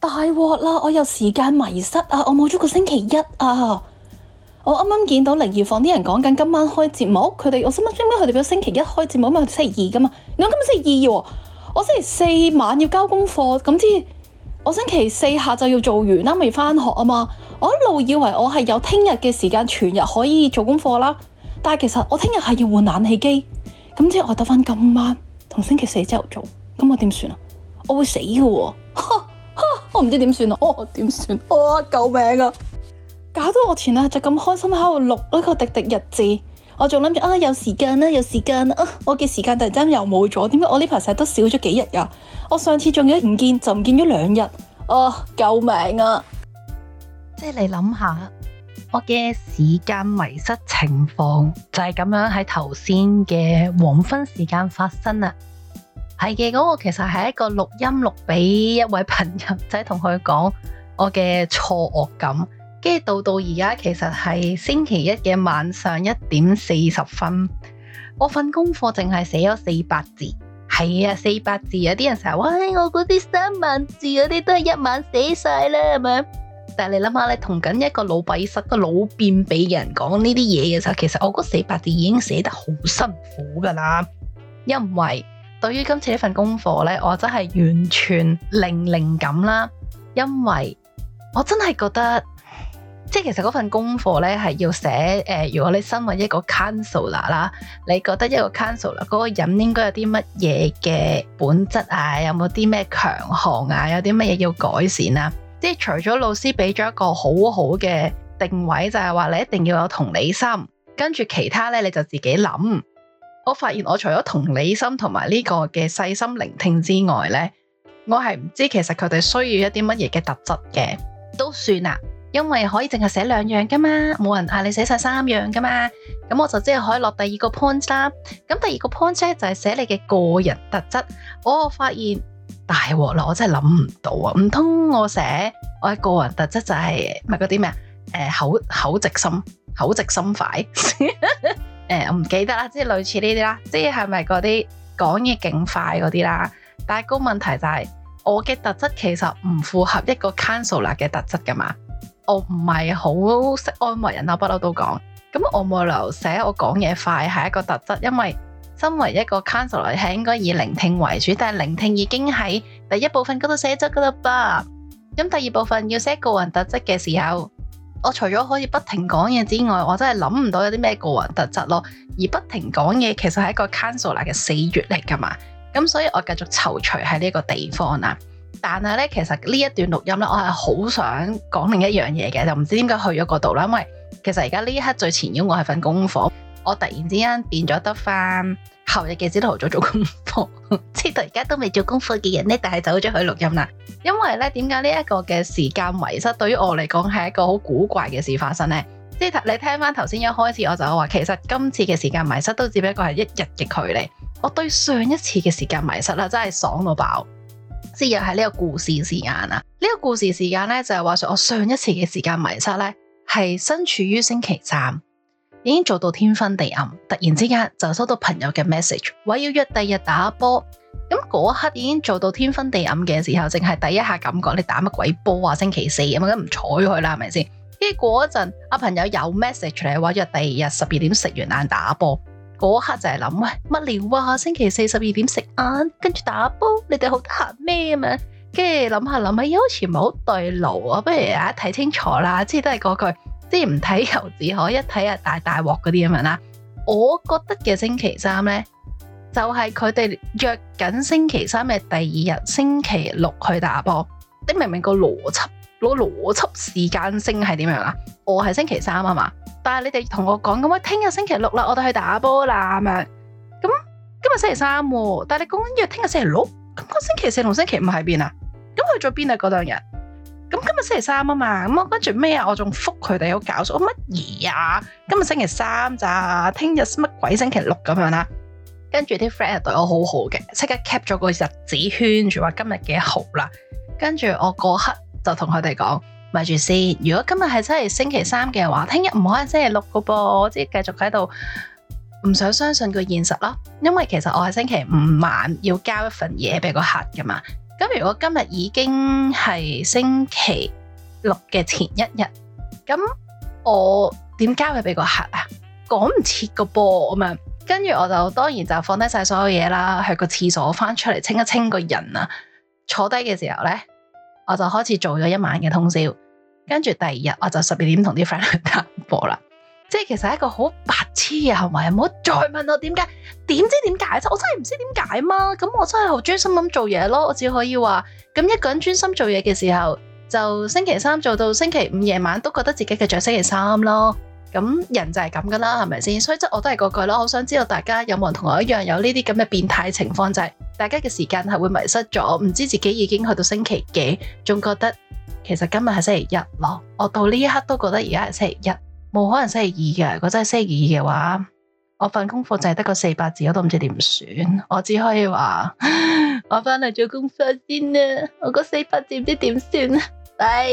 大鑊啦！我有時間迷失啊！我冇咗個星期一啊！我啱啱見到靈異房啲人講緊今晚開節目，佢哋我心乜？點解佢哋俾星期一開節目？因為星期二噶嘛，我今日星期二喎、哦，我星期四晚要交功課，咁即係我星期四下晝要做完啦，未翻學啊嘛！我一路以為我係有聽日嘅時間全日可以做功課啦，但係其實我聽日係要換冷氣機，咁即係我得翻今晚同星期四朝頭早做，咁我點算啊？我會死嘅喎、哦！我唔知點算咯，哦，點算，哦救命啊！搞到我前啊，就咁開心喺度錄呢個廸廸日誌，我仲諗住啊有時間啦，有時間啦、啊，我嘅時間突然間又冇咗，點解我呢排成日都少咗幾日啊？我上次仲有唔見就唔見咗兩日，啊、哦、救命啊！即係你諗下，我嘅時間迷失情況就係咁樣喺頭先嘅黃昏時間發生啊。係嘅，咁我其實係一個錄音錄俾一位朋友仔，同佢講我嘅錯愕感，跟住到到而家，其實係星期一嘅晚上一點四十分。我份功課淨係寫咗四百字，係啊，四百字。有啲人成日話：唉，我嗰啲三萬字，嗰啲都係一晚寫晒啦，係咪？但係你諗下，你同緊一個老閉塞、個老便秘嘅人講呢啲嘢嘅時候，其實我嗰四百字已經寫得好辛苦噶啦，因為。對於今次呢份功課呢，我真係完全零零感啦，因為我真係覺得，即係其實嗰份功課呢係要寫誒、呃，如果你身為一個 counselor 啦，你覺得一個 counselor 嗰個人應該有啲乜嘢嘅本質啊？有冇啲咩強項啊？有啲乜嘢要改善啊？即係除咗老師俾咗一個好好嘅定位，就係、是、話你一定要有同理心，跟住其他呢，你就自己諗。我發現我除咗同理心同埋呢個嘅細心聆聽之外呢，我係唔知其實佢哋需要一啲乜嘢嘅特質嘅，都算啦，因為可以淨係寫兩樣噶嘛，冇人嗌你寫晒三樣噶嘛，咁我就即係可以落第二個 point 啦。咁第二個 point 咧就係寫你嘅個人特質。我我發現大鑊啦，我真係諗唔到啊！唔通我寫我嘅個人特質就係咪嗰啲咩啊？誒，口口直心口直心快。 誒唔、嗯、記得啦，即係類似呢啲啦，即係係咪嗰啲講嘢勁快嗰啲啦？但係個問題就係、是，我嘅特質其實唔符合一個 counselor 嘅特質㗎嘛。我唔係好識安慰人啊，不嬲都講。咁我冇理由寫，我講嘢快係一個特質，因為身為一個 counselor 係應該以聆聽為主，但係聆聽已經喺第一部分嗰度寫咗㗎啦噃，咁第二部分要寫個人特質嘅時候，我除咗可以不停講嘢之外，我真係諗唔到有啲咩個人特質咯。而不停講嘢其實係一個 Cancer 嚟嘅死穴嚟㗎嘛。咁所以我繼續躊躇喺呢個地方啦。但係咧，其實呢一段錄音咧，我係好想講另一樣嘢嘅，就唔知點解去咗嗰度啦。因為其實而家呢一刻最前邊，我係份功課。我突然之間變咗得翻後日嘅朝頭早做功課，知道而家都未做功課嘅人呢，但係走咗去錄音啦。因為呢點解呢一個嘅時間迷失對於我嚟講係一個好古怪嘅事發生呢？即係你聽翻頭先一開始我就話，其實今次嘅時間迷失都只不過係一日嘅距離。我對上一次嘅時間迷失啦，真係爽到爆。即又係呢個故事時間啊？呢個故事時間呢，就係話説我上一次嘅時間迷失呢，係身處於星期三。已經做到天昏地暗，突然之間就收到朋友嘅 message，話要約第二日打波。咁嗰刻已經做到天昏地暗嘅時候，淨係第一下感覺你打乜鬼波啊？星期四咁，唔睬佢啦，係咪先？跟住嗰陣，阿朋友有 message 嚟，話約第二日十二點食完晏打波。嗰刻就係諗，喂，乜料啊？星期四十二點食晏，跟住打波，你哋好得閒咩啊？嘛，跟住諗下諗下，好似唔好對路啊，不如大家睇清楚啦，即係都係嗰句。即係唔睇猶自可，一睇啊，大大鑊嗰啲咁樣啦。我覺得嘅星期三呢，就係佢哋約緊星期三嘅第二日星期六去打波。你明唔明個邏輯，攞、嗰個、邏輯時間性係點樣啊？我係星，星，星期三啊嘛，但係你哋同我講咁，我聽日星期六啦，我哋去打波啦咁樣。咁今日星期三喎，但係你講緊約聽日星期六，咁個星期四同星期五喺邊啊？咁去咗邊啊？嗰兩日。咁今日星期三啊嘛，咁我跟住咩啊？我仲覆佢哋好搞笑，乜嘢啊？今日星期三咋？聽日乜鬼星期六咁樣啦？跟住啲 friend 又對我好好嘅，即刻 keep 咗個日子圈住話今日幾號啦？跟住我嗰刻就同佢哋講，咪住先。如果今日係真係星期三嘅話，聽日唔可以星期六噶噃。我即係繼續喺度唔想相信個現實咯，因為其實我係星期五晚要交一份嘢俾個客噶嘛。咁如果今日已經係星期六嘅前一日，咁我點交佢俾個客啊？趕唔切個波咁樣，跟住我就當然就放低曬所有嘢啦，去個廁所返出嚟清一清個人啊，坐低嘅時候呢，我就開始做咗一晚嘅通宵，跟住第二日我就十二點同啲 friend 去打波啦。即係其實係一個好白痴嘅行為，唔好再問我點解，點知點解？我真係唔知點解嘛。咁我真係好專心咁做嘢咯。我只可以話，咁一個人專心做嘢嘅時候，就星期三做到星期五夜晚，都覺得自己嘅着星期三咯。咁人就係咁噶啦，係咪先？所以真我都係嗰句咯。好想知道大家有冇人同我一樣有呢啲咁嘅變態情況，就係、是、大家嘅時間係會迷失咗，唔知自己已經去到星期幾，仲覺得其實今日係星期一咯。我到呢一刻都覺得而家係星期一。冇可能星期二嘅，如果真係星期二嘅話，我份功課就係得個四百字，我都唔知點算，我只可以話 我翻嚟做功課先啦，我嗰四百字唔知點算啊，拜。